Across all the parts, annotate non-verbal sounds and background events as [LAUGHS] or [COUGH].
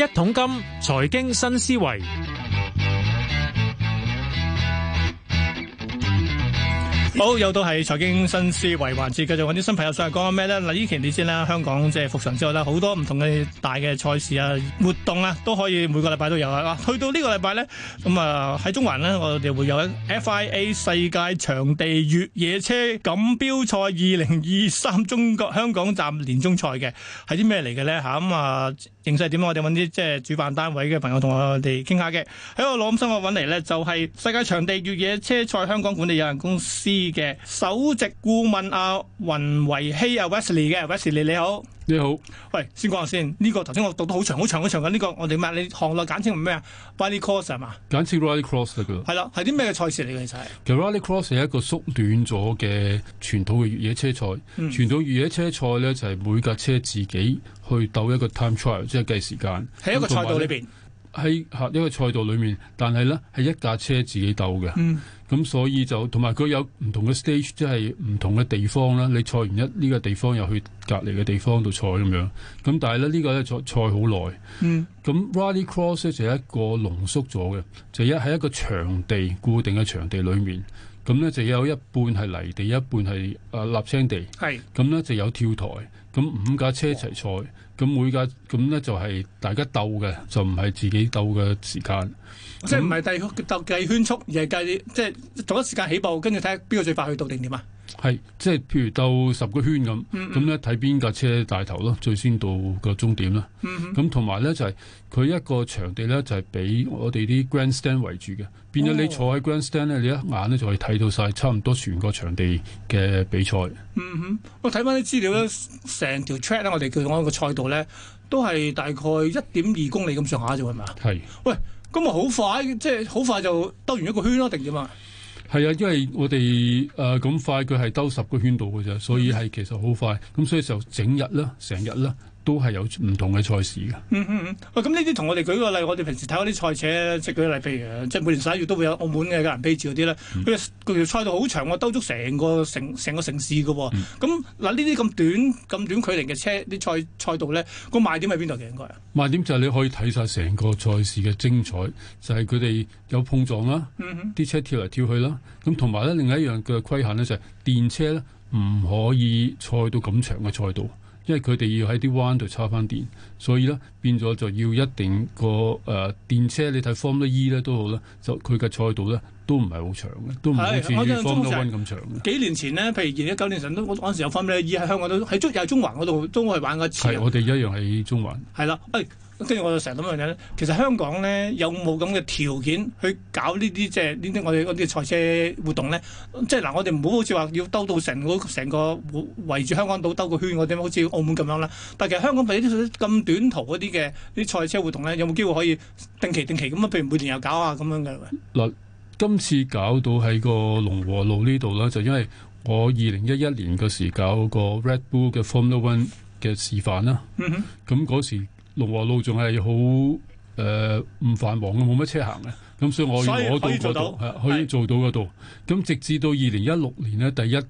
一桶金，財經新思維。好，又到係財經新思維環節，繼續揾啲新朋友上嚟講下咩咧？嗱，呢期你知啦，香港即係復常之後咧，好多唔同嘅大嘅賽事啊、活動啊，都可以每個禮拜都有啊。去到呢個禮拜咧，咁啊喺中環咧，我哋會有 FIA 世界場地越野車錦標賽二零二三中國香港站年終賽嘅，係啲咩嚟嘅咧？吓咁啊，形勢點咧？我哋揾啲即係主辦單位嘅朋友同我哋傾下嘅。喺我攞咁辛苦揾嚟咧，就係世界場地越野車賽香港管理有限公司，嘅首席顧問阿、啊、雲維熹、啊、Wesley 嘅 Wesley 你好，你好，喂先講下先呢、呢個頭先我讀得好長好長好長嘅呢、呢個我哋問你行內簡稱係咩啊 Rally Cross 係嘛？Rally Cross, 簡稱 Rally Cross 啦，佢係啦，係啲咩嘅賽事嚟嘅其實？其實 Rally Cross 係一個縮短咗嘅傳統嘅越野車賽，傳統、嗯、越野車賽咧就係每架車自己去鬥一個 time trial，即係計時間喺一個賽道裏邊。喺嚇一個賽道裏面，但係呢係一架車自己鬥嘅，咁、嗯嗯、所以就有有同埋佢有唔同嘅 stage，即係唔同嘅地方啦。你賽完一呢個地方，又去隔離嘅地方度賽咁樣。咁但係咧呢、呢個咧賽賽好耐，咁、嗯嗯、Rally Cross 就係一個濃縮咗嘅，就一、係、喺一個場地固定嘅場地裏面。咁咧就有一半係泥地，一半係啊瀝青地。係，咁咧就有跳台，咁五架車一齊賽，咁每架咁咧就係大家鬥嘅，就唔係自己鬥嘅時間。即係唔係計計圈速，而係計即係同一時間起步，跟住睇下邊個最快去到定點啊？係，即係譬如兜十個圈咁，咁咧睇邊架車帶頭咯，最先到個終點啦。咁同埋咧就係佢一個場地咧就係俾我哋啲 grandstand 圍住嘅，變咗你坐喺 grandstand 咧，你一眼咧就可以睇到晒差唔多全個場地嘅比賽，嗯。嗯哼、嗯嗯，我睇翻啲資料咧，成條、嗯、track 咧，我哋叫佢嗰個賽道咧，都係大概一點二公里咁上下啫，係咪啊？係。是喂，咁咪好快，即係好快就兜完一個圈咯，定點啊？係啊，因為我哋誒咁快，佢係兜十個圈度㗎咋，所以係其實好快。咁所以就整日啦，成日啦。都係有唔同嘅賽事嘅、嗯。嗯嗯嗯，喂，咁呢啲同我哋舉個例，我哋平時睇嗰啲賽車，即係舉個例，譬如即係每年十一月都會有澳門嘅格蘭披治大賽嗰啲咧。佢條賽道好長，我兜足成個城，成個城市嘅、哦。咁嗱、嗯，呢啲咁短、咁短距離嘅車，啲賽賽道咧，個賣點係邊度嘅？應該賣點就係你可以睇晒成個賽事嘅精彩，就係佢哋有碰撞啦，啲、嗯、哼車跳嚟跳去啦。咁同埋咧，嗯、哼另外一樣嘅規限咧就係電車咧唔可以賽到咁長嘅賽道。因為佢哋要喺啲彎度插翻電，所以咧變咗就要一定、那個誒、呃、電車。你睇 Formula E 咧都好啦，就佢嘅賽道咧都唔係好長嘅，都唔似於 Formula One 咁長，長。幾年前咧，譬如二零一九年前都嗰陣時有 Formula E 喺香港度喺中又係中環嗰度都係玩一次。係我哋一樣喺中環。係啦，誒、哎。跟住我就成日諗一樣嘢咧。其實香港咧有冇咁嘅條件去搞呢啲即係呢啲我哋嗰啲賽車活動咧？即係嗱、呃，我哋唔好好似話要兜到成個成個圍住香港島兜個圈嗰啲，好似澳門咁樣啦。但係其實香港俾啲咁短途嗰啲嘅啲賽車活動咧，有冇機會可以定期定期咁啊？譬如每年又搞啊咁樣嘅嗱，今次搞到喺個龍和路呢度啦，就因為我二零一一年嘅時搞個 Red Bull 嘅 Formula One 嘅示範啦。嗯哼，咁嗰時。龍和路仲係好誒，唔、呃、繁忙嘅，冇乜車行嘅。咁、嗯、所以我我度嗰度係可以做到嗰度。咁直至到二零一六年咧，第一屆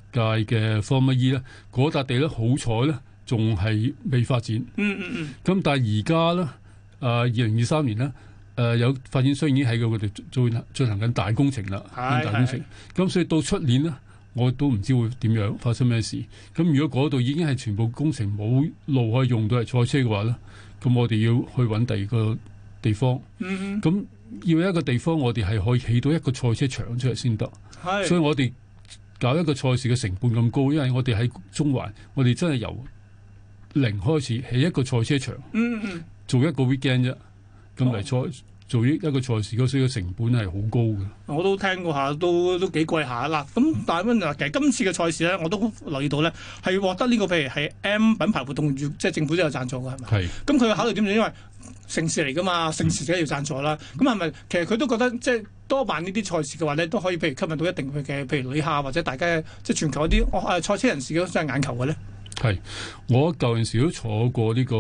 嘅 Formula E、er、咧，嗰、e, 笪地咧好彩咧，仲係未發展。嗯嗯嗯。咁、嗯、但係而家咧，啊二零二三年咧，誒、呃、有發展商已經喺佢哋做進行緊大工程啦，是大工程。咁所以到出年咧，我都唔知會點樣發生咩事。咁如果嗰度已經係全部工程冇路可以用到係賽車嘅話咧？咁我哋要去揾第二個地方，咁、mm hmm. 要一個地方我哋係可以起到一個賽車場出嚟先得，是所以我哋搞一個賽事嘅成本咁高，因為我哋喺中環，我哋真係由零開始起一個賽車場，mm hmm. 做一個 weekend 啫，咁嚟賽。Oh. 做一個賽事嗰時個成本係好高嘅。我都聽過下，都都幾貴下啦。咁但係咧，其實今次嘅賽事咧，我都留意到咧，係獲得呢個譬如係 M 品牌活動，即係政府都有贊助嘅，係咪？係。咁佢嘅考慮點？因為盛事嚟㗎嘛，盛事梗係要贊助啦。咁係咪其實佢都覺得即係多辦呢啲賽事嘅話咧，都可以譬如吸引到一定佢嘅譬如旅客或者大家即係全球一啲、啊、賽車人士都嘅眼球嘅咧？係。我舊陣時都坐過呢個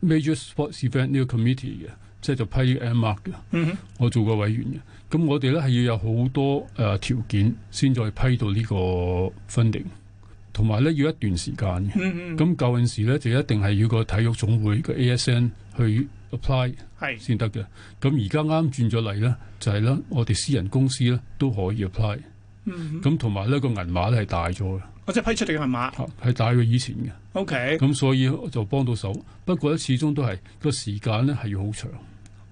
Major Sports Event 呢個 Committee 嘅。即係就批 M Mark 嘅，mm hmm. 我做過委員嘅，咁我哋咧係要有好多誒、呃、條件先再批到呢個 funding，同埋咧要一段時間嘅。咁舊陣時咧就一定係要個體育總會嘅 A S N 去 apply 係先得嘅，咁而家啱轉咗嚟咧就係、是、咧我哋私人公司咧都可以 apply、mm。咁同埋呢個銀碼咧係大咗嘅。或者批出嚟嘅銀碼係大過以前嘅。OK，咁所以就幫到手。不過咧，始終都係個時間咧係要好長。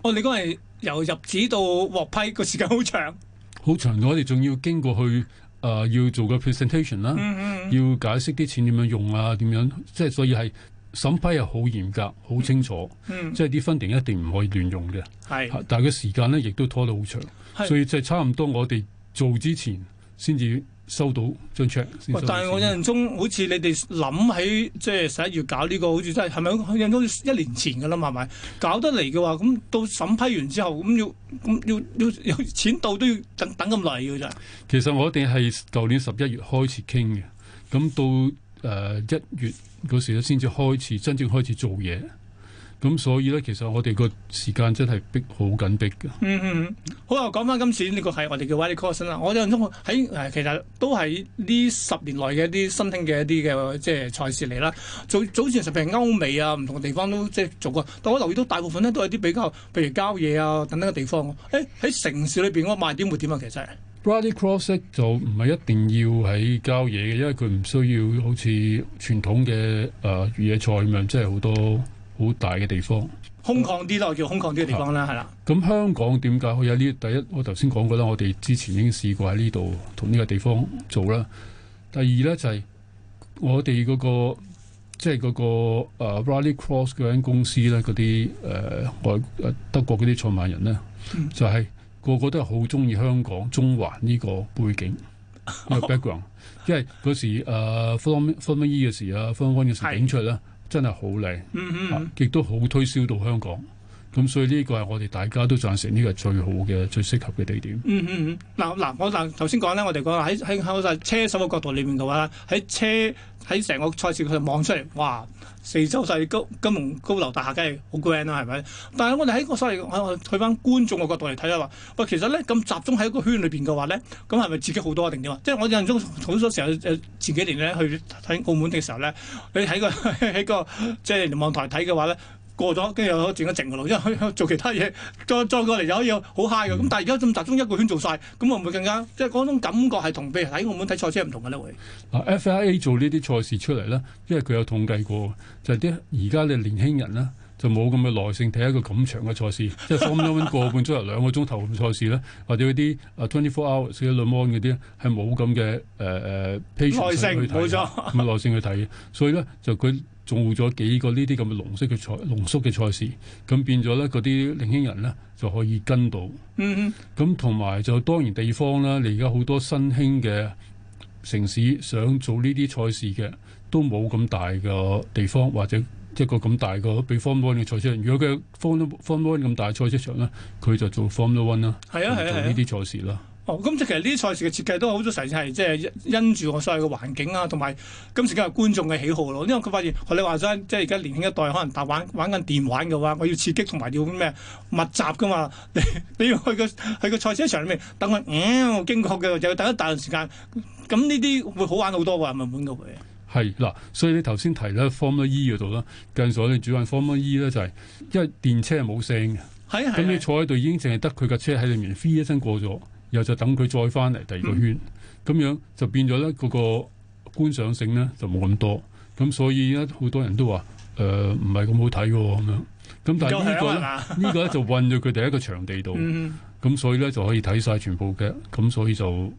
哦，你講係由入紙到獲批個時間好長。好長，我哋仲要經過去誒、呃、要做個 presentation 啦、mm，hmm. 要解釋啲錢點樣用啊，點樣，即係所以係審批係好嚴格、好清楚，mm hmm. 即係啲 funding 一定唔可以亂用嘅。係、mm，hmm. 但係個時間咧亦都拖得好長，mm hmm. 所以就差唔多我哋做之前先至、mm。Hmm. 收到張 check，但係我印象中好似你哋諗起，即係十一月搞呢個，好似真係係咪？我印象中一年前嘅啦嘛，係咪搞得嚟嘅話，咁到審批完之後，咁要咁要要錢到都要等等咁耐㗎咋。其實我哋係舊年十一月開始傾嘅，咁到誒一月嗰時咧，先至開始真正開始做嘢。咁所以咧，其實我哋個時間真係逼好緊逼嘅。迫嗯嗯，好啊！講翻今次呢、這個係我哋嘅 Rallycross 啦。我哋種喺誒，其實都係呢十年內嘅一啲新興嘅一啲嘅即係賽事嚟啦。早早前譬如歐美啊，唔同嘅地方都即係做過，但我留意到大部分咧都係啲比較，譬如郊野啊等等嘅地方。誒、哎、喺城市裏邊嗰個賣點會點啊？其實 Rallycross 就唔係一定要喺郊野嘅，因為佢唔需要好似傳統嘅誒、呃、越野賽咁樣，即係好多。好大嘅地方，空曠啲咯，叫空曠啲嘅地方啦，係啦。咁香港點解會有呢？第一，我頭先講過啦，我哋之前已經試過喺呢度同呢個地方做啦。第二咧就係、是、我哋嗰、那個即係嗰個誒、啊、Rally Cross 嗰間公司咧，嗰啲誒外德國嗰啲創辦人咧，嗯、就係個個都係好中意香港中環呢個背景 background，因為嗰時誒、啊、Form Form e 嘅時啊，Form e 嘅時影出嚟啦。真係好靚，亦，mm hmm. 啊，都好推銷到香港。咁所以呢個係我哋大家都贊成，呢個係最好嘅、最適合嘅地點。嗯嗯嗯，嗱、嗯、嗱、嗯，我嗱頭先講咧，我哋講喺喺喺車手嘅角度裏面嘅話，喺車喺成個賽事佢望出嚟，哇！四周曬高金融高樓大廈大，梗係好 grand 啦，係咪？但係我哋喺個所謂去翻觀眾嘅角度嚟睇咧話，喂，其實咧咁集中喺一個圈裏邊嘅話咧，咁係咪刺激好多定點啊？即係我印象中，好多時候前幾年咧去睇澳門嘅時候咧，你喺個喺 [LAUGHS] 個即係望台睇嘅話咧。過咗，跟住又轉咗靜嘅路，因為可以做其他嘢，再再過嚟又可以好 high 嘅。咁、嗯、但係而家咁集中一個圈做晒，咁會唔會更加，即係嗰種感覺係同譬如喺澳門睇賽車唔同嘅咧。會嗱 FIA 做呢啲賽事，呢事出嚟咧，因為佢有統計過，就係啲而家嘅年輕人咧，就冇咁嘅耐性睇一個咁長嘅賽事， [LAUGHS] 即係 form one 個半鐘頭兩個鐘頭嘅賽事咧，或者嗰啲 twenty four hours 嘅 long run 嗰啲，係冇咁嘅誒誒耐性去睇，冇錯，冇耐性去睇，所以咧就佢。做咗幾個呢啲咁嘅濃縮嘅菜，濃縮嘅賽事，咁變咗咧嗰啲年輕人咧就可以跟到。嗯嗯，咁同埋就當然地方啦。你而家好多新興嘅城市想做呢啲賽事嘅，都冇咁大嘅地方或者一個咁大嘅比 Formula 嘅賽車場。如果佢 Formula 咁大賽車場咧，佢就做 Formula 啦、啊，做呢啲賽事啦。哦，咁即係其實啲賽事嘅設計都好多時係即係因住我所謂嘅環境啊，同埋今時今日觀眾嘅喜好咯、啊。因為佢發現學你話齋，即係而家年輕一代可能打玩玩緊電玩嘅話，我要刺激同埋要咩密集㗎嘛？你 [LAUGHS] 你要去個去個賽車場裏面等佢，嗯經過嘅又要等一大段時間，咁呢啲會好玩好多喎、啊，係咪咁嘅回？係嗱，所以你頭先提咧 Formula E 嗰度啦，近數我哋主辦 Formula E 咧就係、是、因為電車係冇聲嘅，咁的的你坐喺度已經淨係得佢架車喺裏面飛一聲過咗。又就等佢再翻嚟第二個圈，咁、嗯、樣就變咗咧嗰個觀賞性咧就冇咁多，咁所以而家好多人都話誒唔係咁好睇喎咁樣。咁但係呢個呢、啊、 [LAUGHS] 個咧就混咗佢哋一個場地度，咁、嗯、所以咧就可以睇晒全部嘅，咁所以就。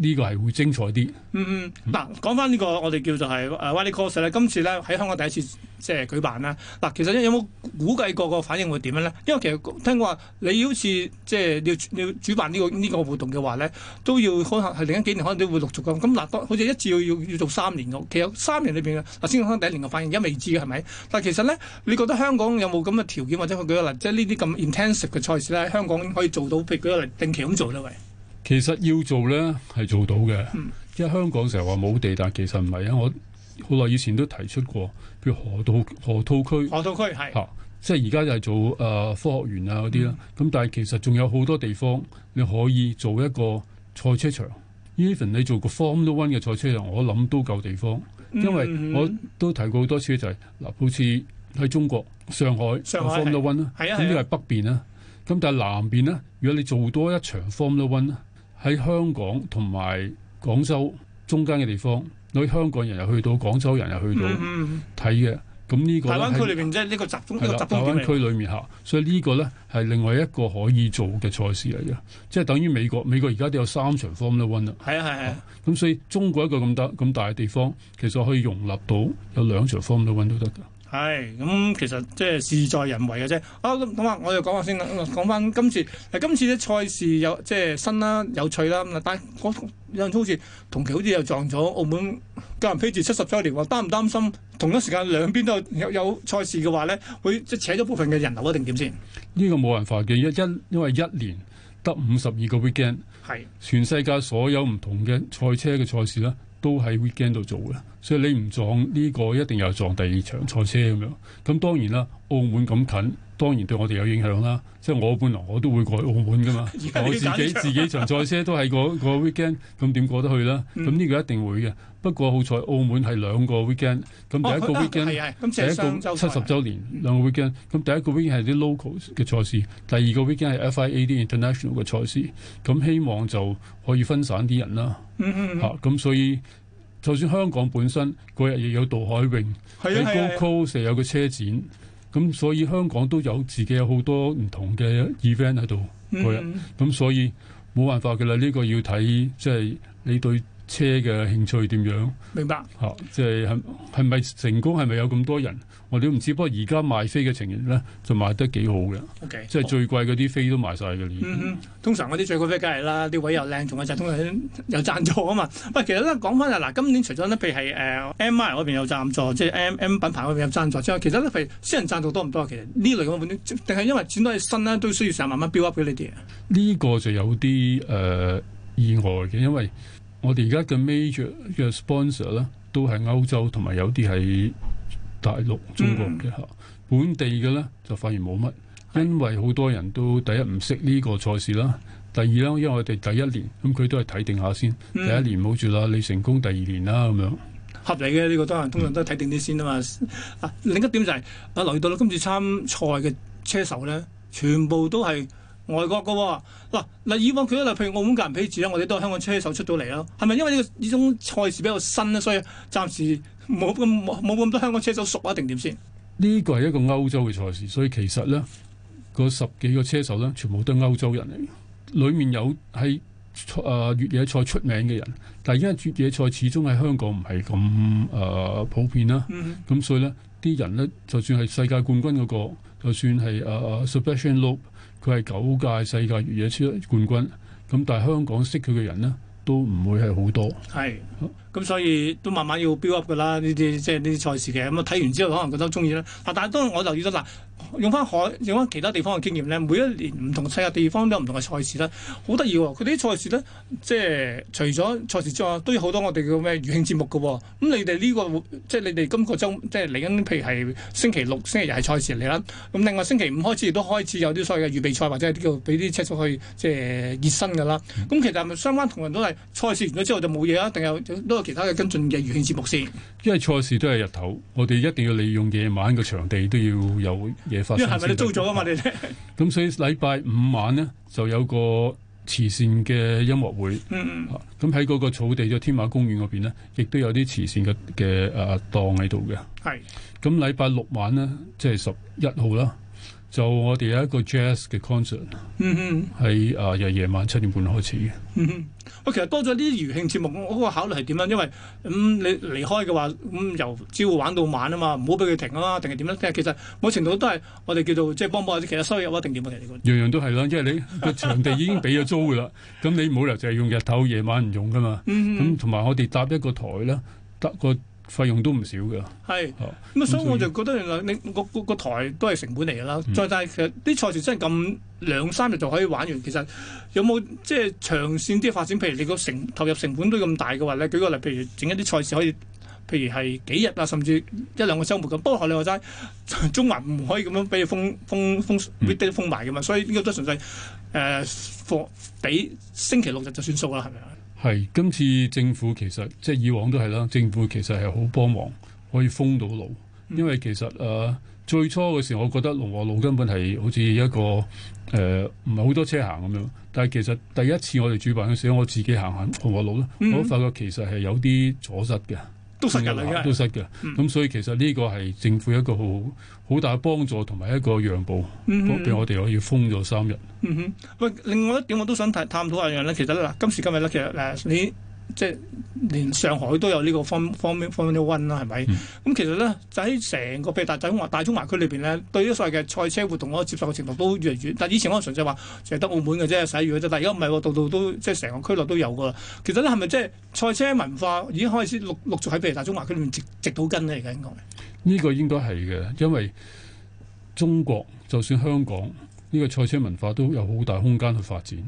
呢個係會精彩啲。嗯嗯。嗱、嗯，講翻呢個我哋叫做係 Rally、uh, Cross 咧，今次咧喺香港第一次即係舉辦啦。嗱、呃，其實有冇估計過個反應會點樣咧？因為其實聽講話，你好似即係要要主辦呢、這個呢、這個活動嘅話咧，都要可能係另一幾年，可能都會陸續咁。咁、嗯、嗱，當好似一次要要要做三年嘅，其實三年裏邊嘅先講第一年嘅反應，因為未知嘅係咪？但係其實咧，你覺得香港有冇咁嘅條件或者佢嘅能力，即係呢啲咁 intensive 嘅賽事咧，這這 ice, 香港可以做到譬如佢定期咁做喂。其實要做咧係做到嘅，因為、嗯、香港成日話冇地，但係其實唔係啊。我好耐以前都提出過，譬如河套河套區，河套區係嚇、啊，即係而家就係做誒、呃、科學園啊嗰啲啦。咁、嗯、但係其實仲有好多地方你可以做一個賽車場。Even 你做個 Formula One 嘅賽車場，我諗都夠地方，因為我都提過好多次就係、係、嗱、啊，好似喺中國上海 Formula One 啦，咁呢個係北邊啦，咁但係南邊咧，如果你做多一場 Formula One。喺香港同埋廣州中間嘅地方，你香港人又去到，廣州人又去到睇嘅。咁、嗯嗯、呢個，大灣區裏面即係呢個集中，集中點區裏面嚇。所以呢個咧係另外一個可以做嘅賽事嚟嘅，即係、嗯、等於美國，美國而家都有三場 Formula One 啦的。係啊係啊，咁所以中國一個咁大咁大嘅地方，其實可以容納到有兩場 Formula One 都得㗎。係，咁、嗯、其實即係事在人為嘅啫。啊，咁好啊，我哋講下先啦。講翻今次，誒今次啲賽事有即係新啦、啊、有趣啦、啊。但係有陣好似同期好似又撞咗澳門格蘭披治七十周年喎。擔唔擔心同一時間兩邊都有有，有賽事嘅話咧，會即係扯咗部分嘅人流一定點先？呢個冇辦法嘅，一因因為一年得五十二個 weekend，係是全世界所有唔同嘅賽車嘅賽事啦。都喺 weekend 度做嘅，所以你唔撞呢個，一定又撞第二場賽車咁樣。咁當然啦，澳門咁近。當然對我哋有影響啦，即係我本來我都會過去澳門㗎嘛，我自己自己場賽車都喺嗰嗰 weekend，咁點過得去啦？咁呢個一定會嘅。不過好彩澳門係兩個 weekend，咁第一個 weekend，第一個七十週年兩個 weekend，咁第一個 weekend 係啲 local 嘅賽事，第二個 weekend 係 FIA 啲 international 嘅賽事。咁希望就可以分散啲人啦。嚇，咁所以就算香港本身嗰日亦有渡海泳喺高 o c o 成日有個車展。咁所以香港都有自己有好多唔同嘅 event 喺度、嗯，咁所以冇辦法嘅啦。呢、呢個要睇即係你對車嘅興趣點樣？明白嚇，即係係咪成功係咪有咁多人？我哋都唔知。不過而家賣飛嘅情形咧，就賣得幾好嘅。O.K. 即係最貴嗰啲飛都賣晒嘅。嗯嗯，通常嗰啲最貴飛梗係啦，啲位又靚，仲有通常有贊助啊嘛。不過其實咧，講翻就嗱，今年除咗咧，譬如係誒 M R 嗰邊有贊助，即係 M M 品牌嗰邊有贊助之外，其實咧譬如私人贊助多唔多？其實呢類嘅，定係因為轉到去新咧，都需要十萬蚊標 Up 俾你哋。呢個就有啲誒意外嘅，因為。我哋而家嘅 major 嘅 sponsor 咧，都係歐洲同埋有啲係大陸中國嘅、嗯、本地嘅咧就反而冇乜，因為好多人都第一唔識呢個賽事啦，第二啦，因為我哋第一年，咁、嗯、佢都係睇定下先，嗯、第一年冇住啦，你成功第二年啦咁樣，合理嘅呢、這個都係、嗯、通常都係睇定啲先啊嘛。啊，另一點就係、是、啊留意到啦，今次參賽嘅車手咧，全部都係，外國嘅喎，嗱、啊、嗱以往佢咧，譬如，如澳門格蘭披治咧，我哋都係香港車手出到嚟咯，係咪因為呢、這、呢、個、種賽事比較新咧，所以暫時冇咁冇咁多香港車手熟啊？定點先？呢個係一個歐洲嘅賽事，所以其實咧，個十幾個車手咧，全部都係歐洲人嚟，裏面有喺啊、呃、越野賽出名嘅人，但係因為越野賽始終喺香港唔係咁誒普遍啦、啊，咁、嗯、哼所以咧啲人咧，就算係世界冠軍嗰個。就算係啊啊，Sébastien Loeb 佢係九屆世界越野車冠軍，咁但係香港識佢嘅人呢，都唔會係好多。係是，咁、啊、所以都慢慢要 build up 㗎啦。呢啲即係呢啲賽事嘅咁啊，睇完之後可能覺得中意啦。啊，但係當然我留意到嗱。用翻海，用翻其他地方嘅經驗咧。每一年唔同世界地方都有唔同嘅賽事啦，好得意喎！佢啲賽事咧，即係除咗賽事之外，都有好多我哋嘅咩餘興節目嘅、哦。咁、嗯、你哋呢、這個即係你哋今個週，即係嚟緊，譬如係星期六、星期日係賽事嚟啦。咁、嗯、另外星期五開始都開始有啲所謂嘅預備賽，或者係叫俾啲車出去即係熱身㗎啦。咁、嗯嗯、其實係咪相關同仁都係賽事完咗之後就冇嘢啊？定有都有其他嘅跟進嘅餘興節目先？因為賽事都係日頭，我哋一定要利用夜晚嘅場地都要有。因為係咪你租咗啊嘛？你咁 [LAUGHS] [LAUGHS] 所以禮拜五晚咧就有個慈善嘅音樂會，咁喺嗰個草地嘅天馬公園嗰邊咧，亦都有啲慈善嘅嘅誒檔喺度嘅。係，咁禮拜六晚咧，即係十一號啦。就我哋有一個 jazz 嘅 concert，喺啊日、嗯、夜哼、呃、晚七點半開始。嗯哼，我其實多咗啲餘興節目，我嗰個考慮係點樣？因為咁、嗯、你離開嘅話，咁、嗯、由朝玩到晚啊嘛，唔好俾佢停啊嘛，定係點樣？即係其實某程度都係我哋叫做即係、就是、幫幫下啲其實收入啊定點啊，其實樣樣都係啦。即係你個 [LAUGHS] 場地已經俾咗租噶啦，咁 [LAUGHS] 你冇理由淨係用日頭夜晚唔用噶嘛。咁同埋我哋搭一個台啦，搭個。費用都唔少嘅，係咁啊！哦嗯、所以我就覺得原來你個個台都係成本嚟嘅啦。嗯、再大其實啲賽事真係咁兩三日就可以玩完，其實有冇即係長線啲發展？譬如你個成投入成本都咁大嘅話咧，舉個例，譬如整一啲賽事可以，譬如係幾日啊，甚至一兩個週末咁。不過你話齋中環唔可以咁樣俾佢封封封俾啲封埋嘅嘛，嗯、所以呢個都純粹誒放俾星期六日就算數啦，係咪啊？係，今次政府其實即係以往都係啦，政府其實係好幫忙，可以封到路。因為其實誒、呃、最初嘅時候，我覺得龍和路根本係好似一個誒唔係好多車行咁樣。但係其實第一次我哋主辦嘅時候，我自己行行龍和路咧，我都發覺其實係有啲阻塞嘅。都失人嚟噶，都失嘅。咁、嗯、所以其實呢個係政府一個好好大嘅幫助同埋一個讓步，俾、嗯、哼我哋可以封咗三日。喂、嗯，另外一點我都想探討下阿楊咧，其實嗱，今時今日咧，其實誒你。即係連上海都有呢個方方面方面啲温啦，係咪、嗯嗯？咁其實咧，就喺成個譬如大中華大中華區裏邊咧，對於所謂嘅賽車活動，我接受嘅程度都越嚟越。但以前我純粹話，淨係得澳門嘅啫，使魚嘅啫。但係而家唔係，度度都即係成個區落都有嘅。其實咧，係咪即係賽車文化已經開始陸陸續喺譬如大中華區裏面直植到根咧？而家應該呢個應該係嘅，因為中國就算香港呢、呢個賽車文化都有好大空間去發展，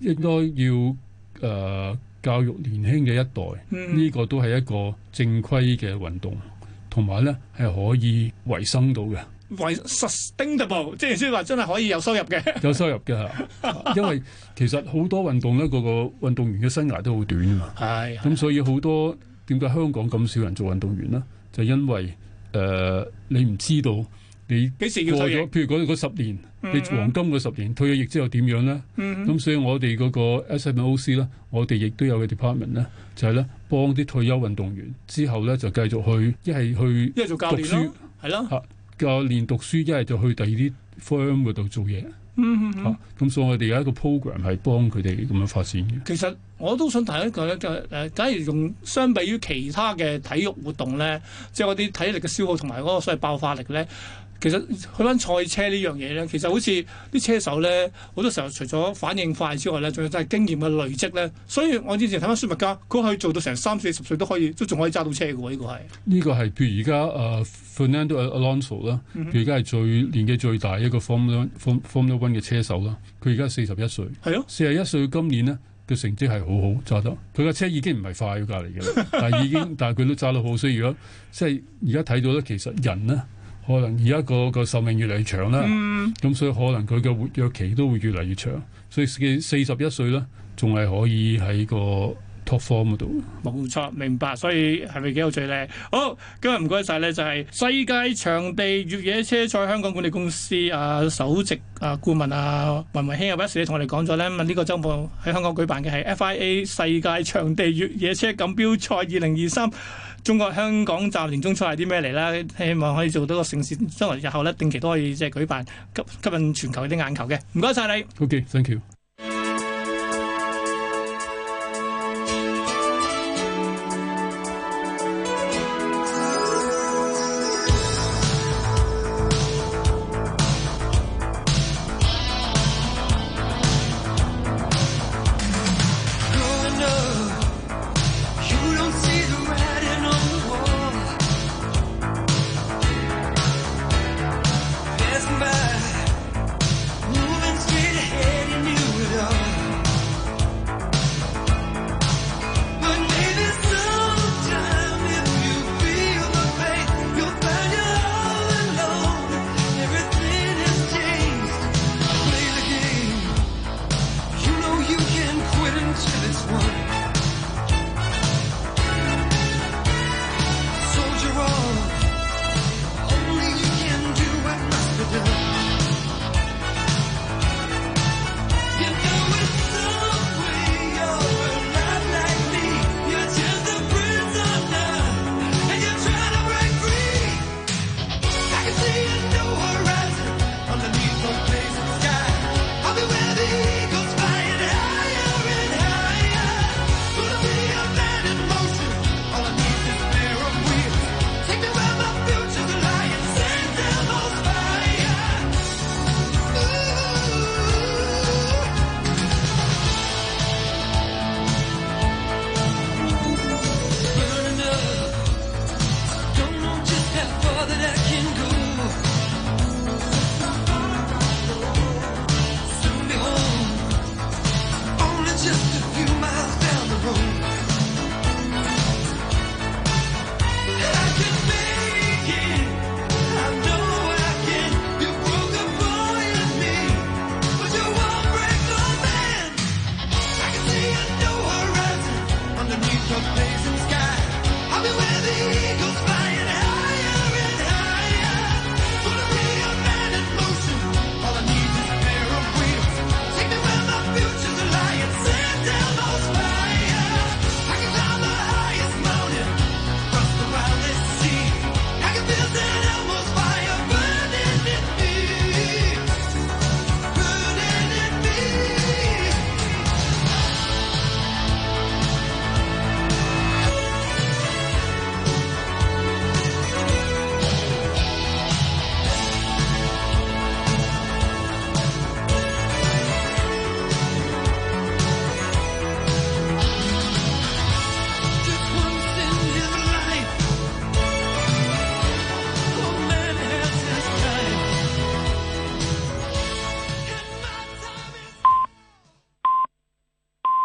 應該要誒。呃教育年輕嘅一代，呢、嗯、個都係一個正規嘅運動，同埋呢係可以維生到嘅，維，sustainable，即係説話真係可以有收入嘅，有收入嘅， [LAUGHS] 因為其實好多運動呢個個運動員嘅生涯都好短啊嘛。係，咁所以好多點解香港咁少人做運動員呢？就因為誒、呃、你唔知道。你過咗譬如嗰十年，嗯嗯你黃金嗰十年退咗役之後點樣咧？咁、嗯嗯、所以我哋嗰個 S M O C 咧，我哋亦都有啲 department 咧，就係、是、咧幫啲退休運動員之後咧就繼續去一係去一係做教練咯，係咯書，的教練讀書一係就去第二啲 firm 嗰度做嘢。咁、嗯嗯嗯啊、所以我哋有一個 program 係幫佢哋咁樣發展嘅。其實我都想提一個咧，就、呃、誒假如用相比於其他嘅體育活動咧，即係嗰啲體力嘅消耗同埋嗰個所謂爆發力咧。其實去返賽車呢樣嘢咧，其實好似啲車手咧，好多時候除咗反應快之外咧，仲有真係經驗嘅累積咧。所以我之前睇翻舒馬加，佢可以做到成三四十歲都可以，都仲可以揸到車嘅喎、啊。呢、呢個係呢個係，譬如而家誒 Fernando Alonso 啦、嗯哼，佢而家係最年紀最大一個 Formula One 嘅車手啦。佢而家四十一歲，係咯、啊，四十一歲今年呢，佢成績係好好揸得。佢架車已經唔係快隔籬嘅，但係已經但係佢都揸得好。所以如果即係而家睇到咧，其實人呢。可能而家個個壽命越嚟越長啦，咁、嗯、所以可能佢嘅活躍期都會越嚟越長，所以佢四十一歲咧，仲係可以喺個。托科嘛都冇錯，明白，所以係咪幾好？最靚？好，今日唔該晒呢，就係、是、世界場地越野車賽香港管理公司啊首席啊顧問啊雲維熹有嗰時咧同我哋講咗呢，呢、這個周末喺香港舉辦嘅係 FIA 世界場地越野車錦標賽二零二三中國香港站年終賽係啲咩嚟呢？希望可以做到個盛事，將來日後呢，定期都可以即係舉辦吸吸引全球啲眼球嘅。唔該晒你。O、okay, K，thank you。